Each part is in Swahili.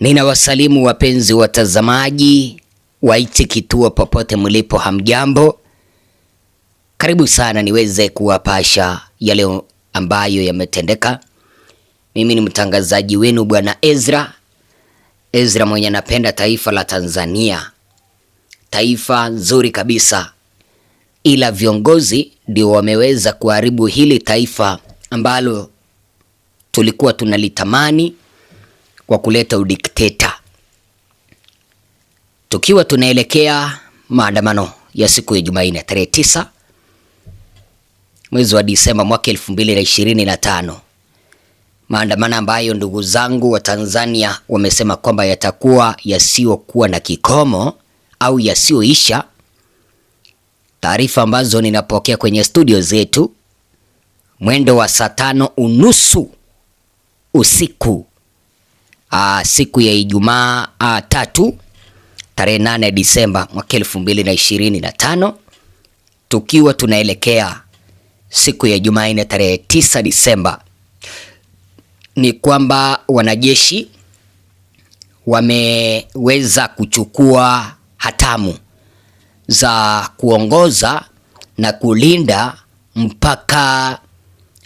Ninawasalimu wapenzi watazamaji waiti kituo popote mlipo, hamjambo? Karibu sana niweze kuwapasha yale ambayo yametendeka. Mimi ni mtangazaji wenu bwana Ezra, Ezra mwenye napenda taifa la Tanzania, taifa nzuri kabisa, ila viongozi ndio wameweza kuharibu hili taifa ambalo tulikuwa tunalitamani kwa kuleta udikteta. Tukiwa tunaelekea maandamano ya siku ya Jumanne tarehe tisa mwezi wa Disemba mwaka elfu mbili na ishirini na tano, maandamano ambayo ndugu zangu wa Tanzania wamesema kwamba yatakuwa yasiyokuwa na kikomo au yasiyoisha. Taarifa ambazo ninapokea kwenye studio zetu mwendo wa saa tano unusu usiku uh, siku ya Ijumaa uh, tatu tarehe 8 Disemba mwaka elfu mbili na ishirini na tano tukiwa tunaelekea siku ya Jumanne tarehe 9 Disemba ni kwamba wanajeshi wameweza kuchukua hatamu za kuongoza na kulinda mpaka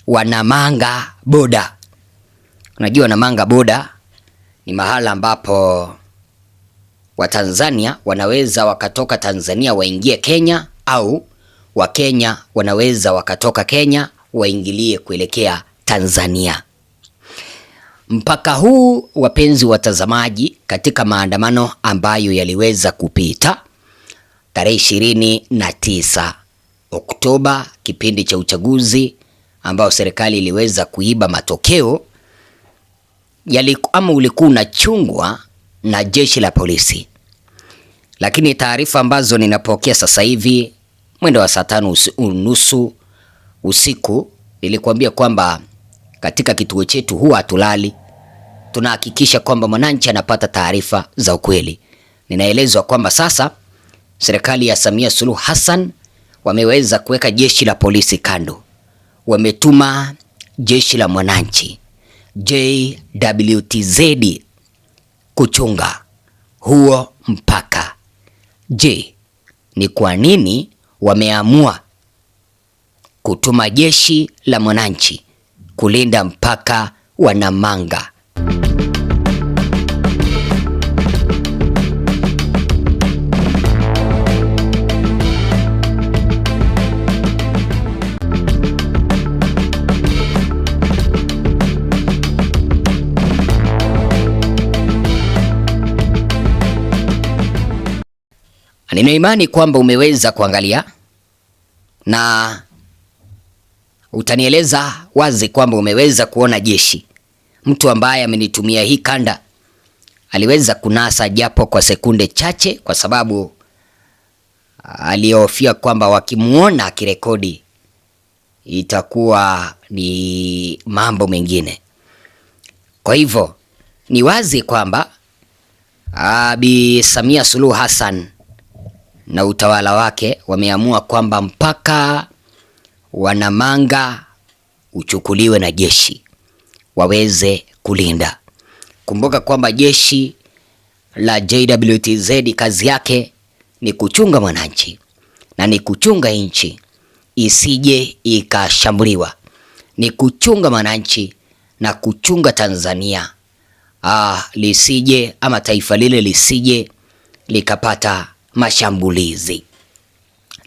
wa Namanga boda. Unajua Namanga boda ni mahala ambapo Watanzania wanaweza wakatoka Tanzania waingie Kenya au Wakenya wanaweza wakatoka Kenya waingilie kuelekea Tanzania. Mpaka huu, wapenzi watazamaji, katika maandamano ambayo yaliweza kupita tarehe ishirini na tisa Oktoba, kipindi cha uchaguzi ambao serikali iliweza kuiba matokeo yaliku, ama ulikuwa unachungwa na jeshi la polisi, lakini taarifa ambazo ninapokea sasa hivi mwendo wa saa tano unusu usiku nilikuambia kwamba katika kituo chetu huwa hatulali, tunahakikisha kwamba mwananchi anapata taarifa za ukweli. Ninaelezwa kwamba sasa serikali ya Samia Suluhu Hassan wameweza kuweka jeshi la polisi kando, wametuma jeshi la mwananchi JWTZ kuchunga huo mpaka. Je, ni kwa nini wameamua kutuma jeshi la mwananchi kulinda mpaka wa Namanga? Nina imani kwamba umeweza kuangalia na utanieleza wazi kwamba umeweza kuona jeshi. Mtu ambaye amenitumia hii kanda aliweza kunasa japo kwa sekunde chache, kwa sababu alihofia kwamba wakimwona akirekodi itakuwa ni mambo mengine. Kwa hivyo ni wazi kwamba abi Samia Suluhu Hassan na utawala wake wameamua kwamba mpaka Wanamanga uchukuliwe na jeshi waweze kulinda. Kumbuka kwamba jeshi la JWTZ kazi yake ni kuchunga mwananchi na ni kuchunga nchi isije ikashambuliwa, ni kuchunga mwananchi na kuchunga Tanzania ah, lisije ama taifa lile lisije likapata mashambulizi.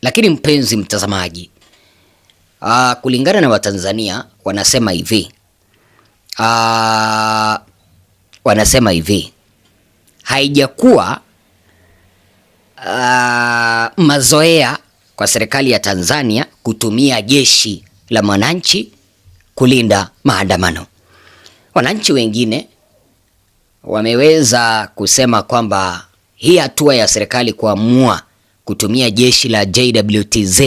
Lakini mpenzi mtazamaji, aa, ah, kulingana na Watanzania wanasema hivi aa, ah, wanasema hivi haijakuwa uh, mazoea kwa serikali ya Tanzania kutumia jeshi la mwananchi kulinda maandamano. Wananchi wengine wameweza kusema kwamba hii hatua ya serikali kuamua kutumia jeshi la JWTZ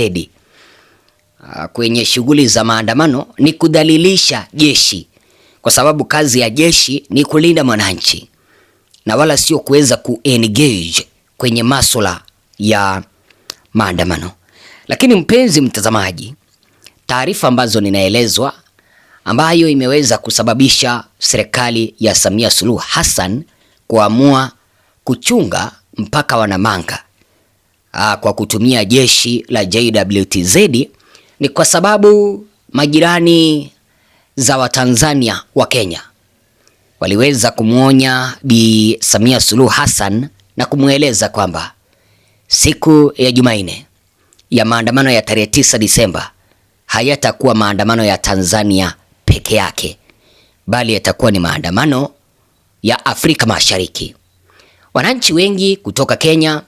ah, kwenye shughuli za maandamano ni kudhalilisha jeshi, kwa sababu kazi ya jeshi ni kulinda mwananchi na wala sio kuweza kuengage kwenye masuala ya maandamano. Lakini mpenzi mtazamaji, taarifa ambazo ninaelezwa ambayo imeweza kusababisha serikali ya Samia Suluhu Hassan kuamua kuchunga mpaka wa Namanga ah, kwa kutumia jeshi la JWTZ ni kwa sababu majirani za Watanzania wa Kenya waliweza kumwonya Bi Samia Suluhu Hassan na kumweleza kwamba siku ya Jumanne ya maandamano ya tarehe 9 Disemba hayatakuwa maandamano ya Tanzania peke yake bali yatakuwa ni maandamano ya Afrika Mashariki. Wananchi wengi kutoka Kenya,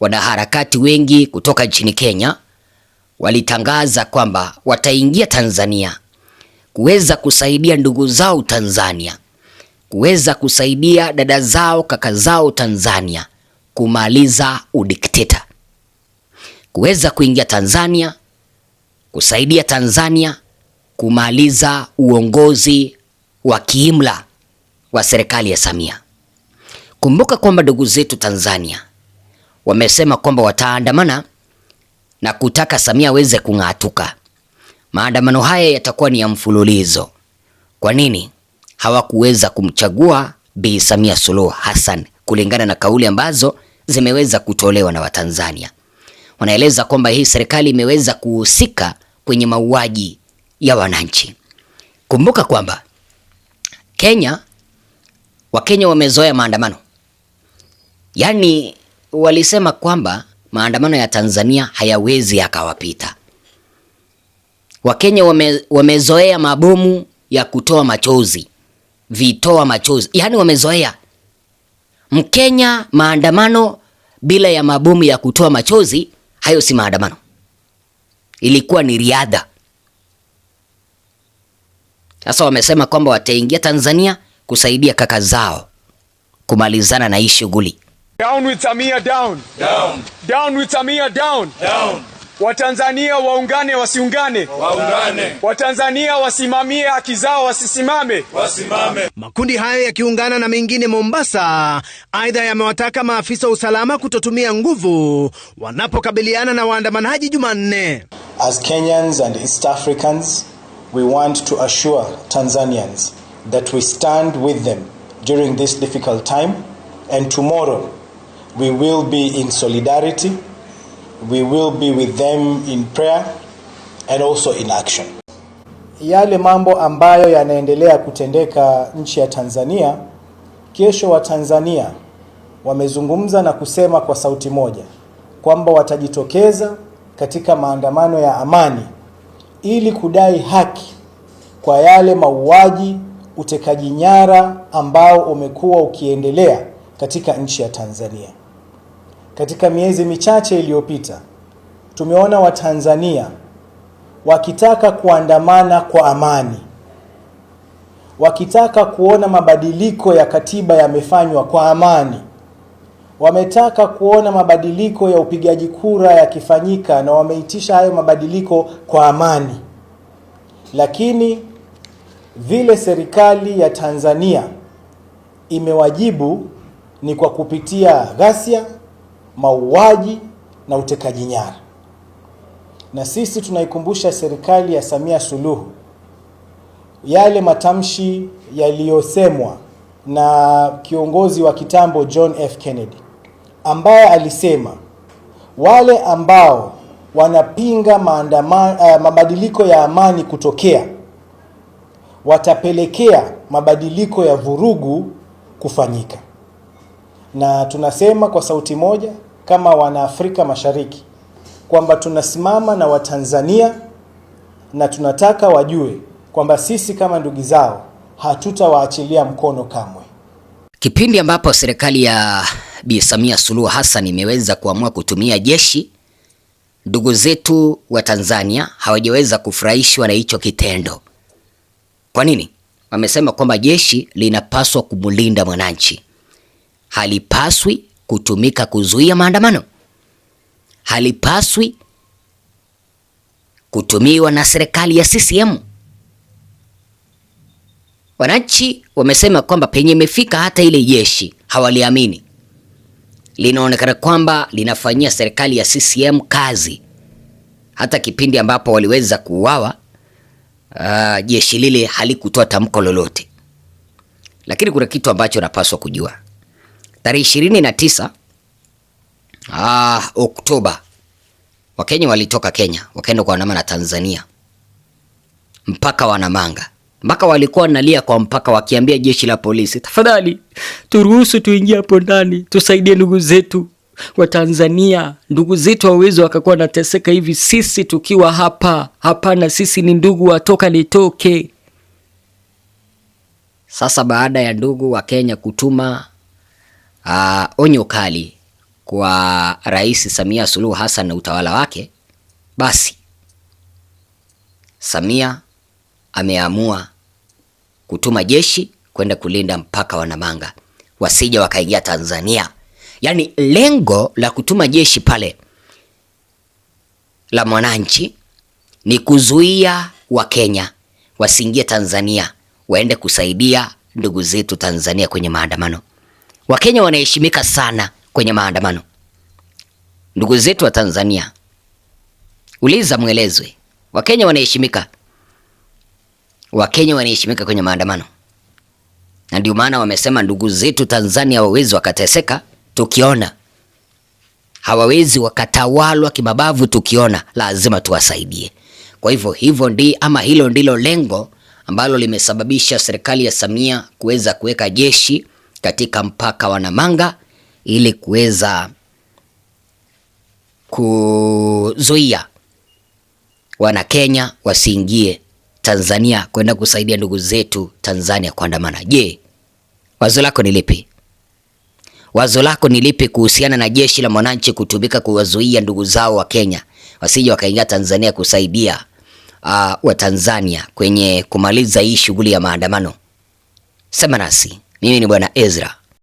wanaharakati wengi kutoka nchini Kenya walitangaza kwamba wataingia Tanzania kuweza kusaidia ndugu zao Tanzania, kuweza kusaidia dada zao, kaka zao Tanzania kumaliza udikteta, kuweza kuingia Tanzania kusaidia Tanzania kumaliza uongozi wa kiimla wa serikali ya Samia. Kumbuka kwamba ndugu zetu Tanzania wamesema kwamba wataandamana na kutaka Samia aweze kung'atuka. Maandamano haya yatakuwa ni ya mfululizo. Kwa nini hawakuweza kumchagua Bi Samia Suluhu Hassan kulingana na kauli ambazo zimeweza kutolewa na Watanzania? Wanaeleza kwamba hii serikali imeweza kuhusika kwenye mauaji ya wananchi. Kumbuka kwamba Kenya Wakenya wamezoea maandamano Yaani walisema kwamba maandamano ya Tanzania hayawezi yakawapita. Wakenya wame, wamezoea mabomu ya kutoa machozi, vitoa machozi, yaani wamezoea. Mkenya, maandamano bila ya mabomu ya kutoa machozi, hayo si maandamano, ilikuwa ni riadha. Sasa wamesema kwamba wataingia Tanzania kusaidia kaka zao kumalizana na hii shughuli. Down with Samia, down. Down. Down with Samia, down. Down. Watanzania waungane wasiungane? Waungane. Watanzania wasimamie haki zao wasisimame? Wasimame. Makundi hayo yakiungana na mengine Mombasa, aidha yamewataka maafisa wa usalama kutotumia nguvu wanapokabiliana na waandamanaji Jumanne. As Kenyans and East Africans, we want to assure Tanzanians that we stand with them during this difficult time and tomorrow We will be in solidarity. We will be with them in prayer and also in action. Yale mambo ambayo yanaendelea kutendeka nchi ya Tanzania, kesho wa Tanzania wamezungumza na kusema kwa sauti moja kwamba watajitokeza katika maandamano ya amani ili kudai haki kwa yale mauaji, utekaji nyara ambao umekuwa ukiendelea katika nchi ya Tanzania. Katika miezi michache iliyopita tumeona Watanzania wakitaka kuandamana kwa amani, wakitaka kuona mabadiliko ya katiba yamefanywa kwa amani, wametaka kuona mabadiliko ya upigaji kura yakifanyika na wameitisha hayo mabadiliko kwa amani, lakini vile serikali ya Tanzania imewajibu ni kwa kupitia ghasia mauaji na utekaji nyara. Na sisi tunaikumbusha serikali ya Samia Suluhu yale matamshi yaliyosemwa na kiongozi wa kitambo John F. Kennedy ambaye alisema wale ambao wanapinga maandamano, uh, eh, mabadiliko ya amani kutokea watapelekea mabadiliko ya vurugu kufanyika. Na tunasema kwa sauti moja kama Wanaafrika Mashariki kwamba tunasimama na Watanzania na tunataka wajue kwamba sisi kama ndugu zao hatutawaachilia mkono kamwe. Kipindi ambapo serikali ya Bi Samia Suluhu Hassan imeweza kuamua kutumia jeshi, ndugu zetu wa Tanzania hawajaweza kufurahishwa na hicho kitendo. Kwa nini? Wamesema kwamba jeshi linapaswa kumlinda mwananchi, halipaswi kutumika kuzuia maandamano, halipaswi kutumiwa na serikali ya CCM. Wananchi wamesema kwamba penye imefika hata ile jeshi hawaliamini, linaonekana kwamba linafanyia serikali ya CCM kazi. Hata kipindi ambapo waliweza kuuawa, uh, jeshi lile halikutoa tamko lolote. Lakini kuna kitu ambacho napaswa kujua tarehe ishirini na tisa ah, Oktoba Wakenya walitoka Kenya wakaenda kwa wanamana Tanzania mpaka wa Namanga mpaka walikuwa nalia kwa mpaka wakiambia jeshi la polisi, tafadhali turuhusu tuingie hapo ndani, tusaidie ndugu zetu wa Tanzania, ndugu zetu hawawezi wakakuwa nateseka hivi, sisi tukiwa hapa. Hapana, sisi ni ndugu, watoka litoke. Sasa baada ya ndugu wa Kenya kutuma uh, onyo kali kwa Rais Samia Suluhu Hassan na utawala wake, basi Samia ameamua kutuma jeshi kwenda kulinda mpaka wa Namanga wasija wakaingia Tanzania. Yaani lengo la kutuma jeshi pale la Mwananchi ni kuzuia Wakenya wasiingie Tanzania waende kusaidia ndugu zetu Tanzania kwenye maandamano. Wakenya wanaheshimika sana kwenye maandamano. Ndugu zetu wa Tanzania, uliza mwelezwe, Wakenya wanaheshimika. Wakenya wanaheshimika kwenye maandamano, na ndio maana wamesema ndugu zetu Tanzania wawezi wakateseka tukiona, hawawezi wakatawalwa kimabavu tukiona, lazima tuwasaidie. Kwa hivyo hivyo ndi ama hilo ndilo lengo ambalo limesababisha serikali ya Samia kuweza kuweka jeshi katika mpaka wa Namanga ili kuweza kuzuia wana Kenya wasiingie Tanzania kwenda kusaidia ndugu zetu Tanzania kuandamana. Je, wazo lako ni lipi? Wazo lako ni lipi kuhusiana na jeshi la mwananchi kutumika kuwazuia ndugu zao wa Kenya wasije wakaingia Tanzania kusaidia uh, wa Tanzania kwenye kumaliza hii shughuli ya maandamano? Sema nasi. Mimi ni Bwana Ezra.